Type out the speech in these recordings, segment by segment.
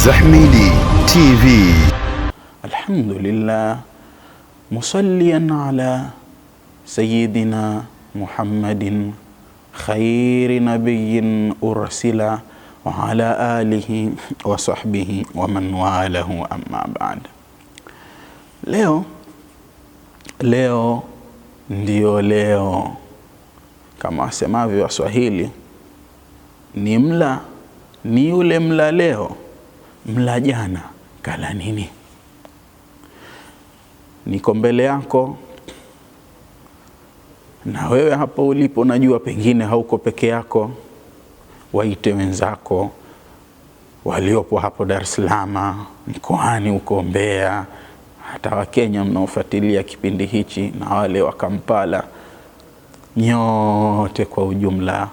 Zahmidi TV. Alhamdulillah musallian ala sayyidina Muhammadin khairi nabiyyin ursila wa ala alihi wa sahbihi wa man walahu amma ba'd. Leo leo ndio leo, kama wasemavyo Waswahili, ni mla ni yule mla leo mla jana kala nini? Niko mbele yako na wewe hapo ulipo, najua pengine hauko peke yako, waite wenzako waliopo hapo Dar es Salaam, mkoani huko Mbeya, hata Wakenya mnaofuatilia kipindi hichi na wale wa Kampala, nyote kwa ujumla,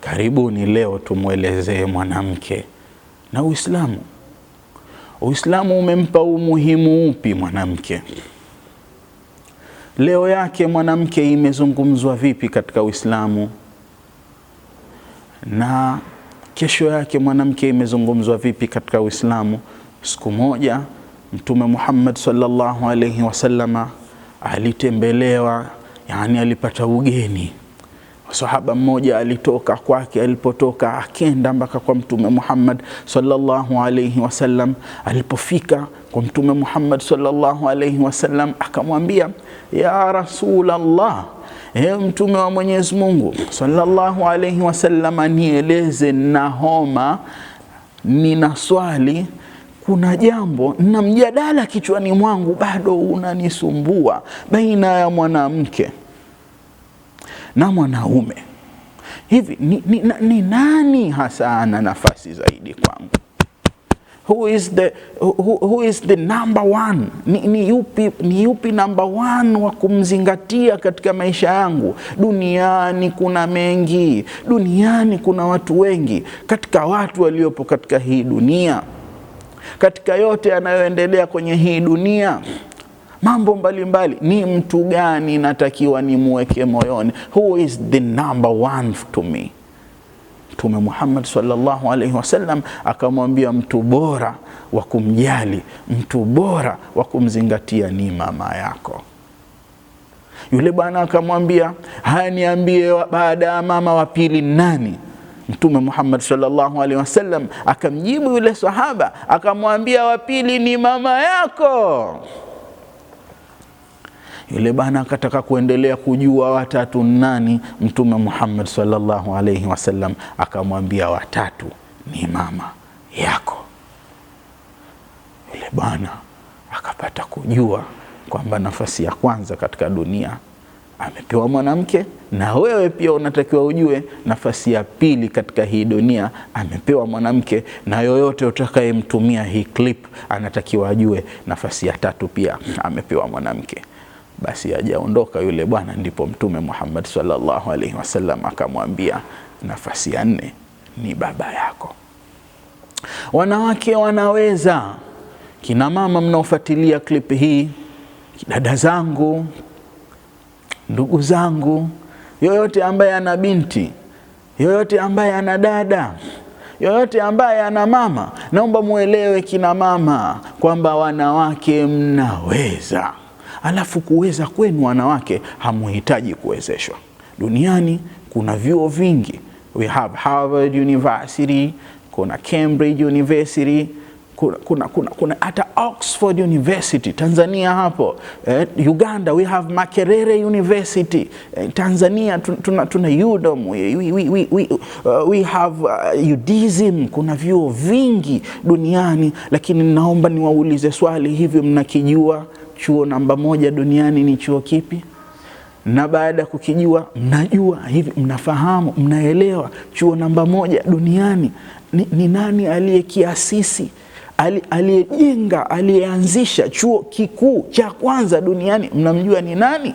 karibuni. Leo tumwelezee mwanamke na Uislamu. Uislamu umempa umuhimu upi mwanamke? Leo yake mwanamke imezungumzwa vipi katika Uislamu, na kesho yake mwanamke imezungumzwa vipi katika Uislamu? Siku moja Mtume Muhammad sallallahu alaihi wasallama alitembelewa, yani alipata ugeni sahaba mmoja alitoka kwake, alipotoka akenda mpaka kwa Mtume Muhammad sallallahu alayhi wasallam. Alipofika kwa Mtume Muhammad sallallahu alayhi wasallam, akamwambia ya Rasulallah, e Mtume wa Mwenyezi Mungu sallallahu alayhi wasallam, nieleze, na homa nina swali kuna jambo na mjadala kichwani mwangu bado unanisumbua baina ya mwanamke na mwanaume. Hivi ni, ni, ni nani hasa ana nafasi zaidi kwangu? Who is the, who, who is the number one? Ni, ni yupi, ni yupi number one wa kumzingatia katika maisha yangu? Duniani kuna mengi, duniani kuna watu wengi, katika watu waliopo katika hii dunia, katika yote yanayoendelea kwenye hii dunia mambo mbalimbali mbali. Ni mtu gani natakiwa nimweke moyoni? Who is the number one to me? Mtume Muhammad sallallahu alaihi wasallam akamwambia mtu bora wa kumjali, mtu bora wa kumzingatia ni mama yako. Yule bwana akamwambia, haya, niambie baada ya mama wa pili nani? Mtume Muhammad sallallahu alaihi wasallam akamjibu yule sahaba akamwambia, wa pili ni mama yako. Yule bana akataka kuendelea kujua watatu nani. Mtume Muhammad sallallahu alaihi wasallam akamwambia watatu ni mama yako. Yule bana akapata kujua kwamba nafasi ya kwanza katika dunia amepewa mwanamke, na wewe pia unatakiwa ujue nafasi ya pili katika hii dunia amepewa mwanamke, na yoyote utakayemtumia hii clip anatakiwa ajue nafasi ya tatu pia amepewa mwanamke basi ajaondoka yule bwana, ndipo Mtume Muhammad sallallahu alaihi wasallam akamwambia nafasi ya nne ni baba yako. Wanawake wanaweza, kina mama mnaofuatilia klipi hii, dada zangu, ndugu zangu, yoyote ambaye ana binti, yoyote ambaye ana dada yoyote ambaye ana mama, naomba muelewe kina mama, kwamba wanawake mnaweza. Alafu kuweza kwenu wanawake hamuhitaji kuwezeshwa. Duniani kuna vyuo vingi, we have Harvard University, kuna Cambridge University kuna, kuna, kuna, kuna hata Oxford University Tanzania hapo eh, Uganda we have Makerere University eh, Tanzania tuna, tuna UDOM we, we, we, we, uh, we have uh, UDISM. Kuna vyuo vingi duniani, lakini naomba niwaulize swali, hivi mnakijua chuo namba moja duniani ni chuo kipi? Na baada ya kukijua, mnajua hivi, mnafahamu, mnaelewa chuo namba moja duniani ni, ni nani aliyekiasisi aliyejenga aliyeanzisha chuo kikuu cha kwanza duniani, mnamjua ni nani?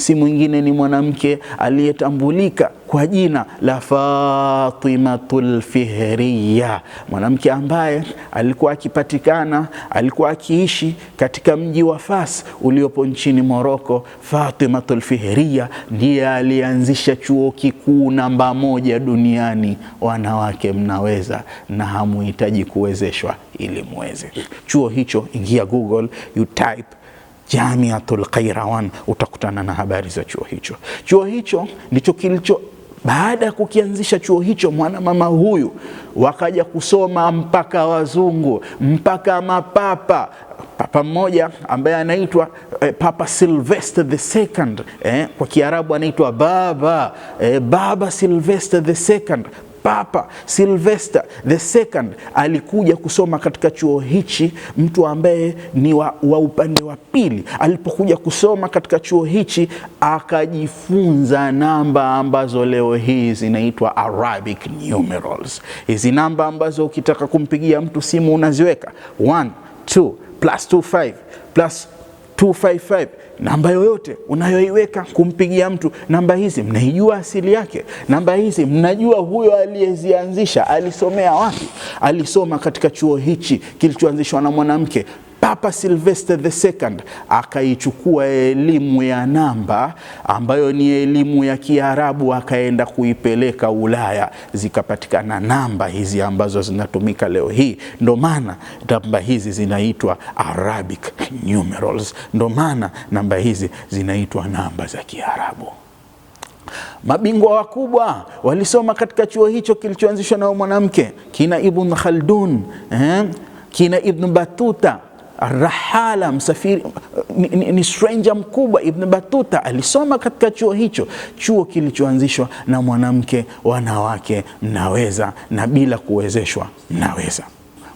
si mwingine ni mwanamke aliyetambulika kwa jina la Fatimatul Fihriya, mwanamke ambaye alikuwa akipatikana, alikuwa akiishi katika mji wa Fas uliopo nchini Moroko. Fatimatul Fihriya ndiye alianzisha chuo kikuu namba moja duniani. Wanawake mnaweza na hamuhitaji kuwezeshwa ili muweze. Chuo hicho, ingia Google, you type Jamiatul Qairawan, utakutana na habari za chuo hicho. Chuo hicho ndicho kilicho baada ya kukianzisha chuo hicho, mwanamama huyu wakaja kusoma mpaka wazungu mpaka mapapa. Papa mmoja ambaye anaitwa eh, Papa Sylvester the Second eh, kwa Kiarabu anaitwa baba eh, Baba Sylvester the Second Papa Sylvester the Second alikuja kusoma katika chuo hichi, mtu ambaye ni wa, wa upande wa pili. Alipokuja kusoma katika chuo hichi akajifunza namba ambazo leo hii zinaitwa Arabic numerals. Hizi namba ambazo ukitaka kumpigia mtu simu unaziweka 1 2 plus 2 5 plus 255 namba yoyote unayoiweka kumpigia mtu, namba hizi mnaijua asili yake, namba hizi mnajua huyo aliyezianzisha alisomea wapi, alisoma katika chuo hichi kilichoanzishwa na mwanamke Papa Sylvester II akaichukua elimu ya namba ambayo ni elimu ya Kiarabu akaenda kuipeleka Ulaya, zikapatikana namba hizi ambazo zinatumika leo hii. Ndo maana namba hizi zinaitwa Arabic numerals, ndo maana namba hizi zinaitwa namba za Kiarabu. Mabingwa wakubwa walisoma katika chuo hicho kilichoanzishwa na mwanamke, kina Ibn Khaldun eh, kina Ibn Batuta rahala msafiri ni, ni, ni stranger mkubwa. Ibn batuta alisoma katika chuo hicho, chuo kilichoanzishwa na mwanamke, wanawake mnaweza, na bila kuwezeshwa mnaweza.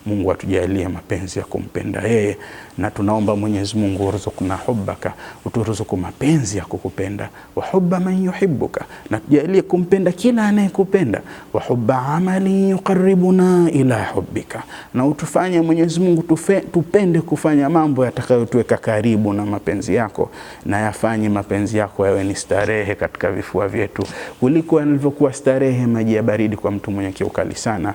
Mungu atujalie mapenzi ya kumpenda yeye, na tunaomba Mwenyezi Mungu na hubaka, uturuzuku mapenzi ya kukupenda, wa hubba man yuhibbuka, na tujalie kumpenda kila anayekupenda, wa hubba amali yuqarribuna ila hubbika, na utufanye Mwenyezi Mungu tufe, tupende kufanya mambo yatakayotuweka karibu na mapenzi yako, na yafanye mapenzi yako yawe ni starehe katika vifua vyetu kuliko yalivyokuwa starehe maji ya baridi kwa mtu mwenye kiukali sana.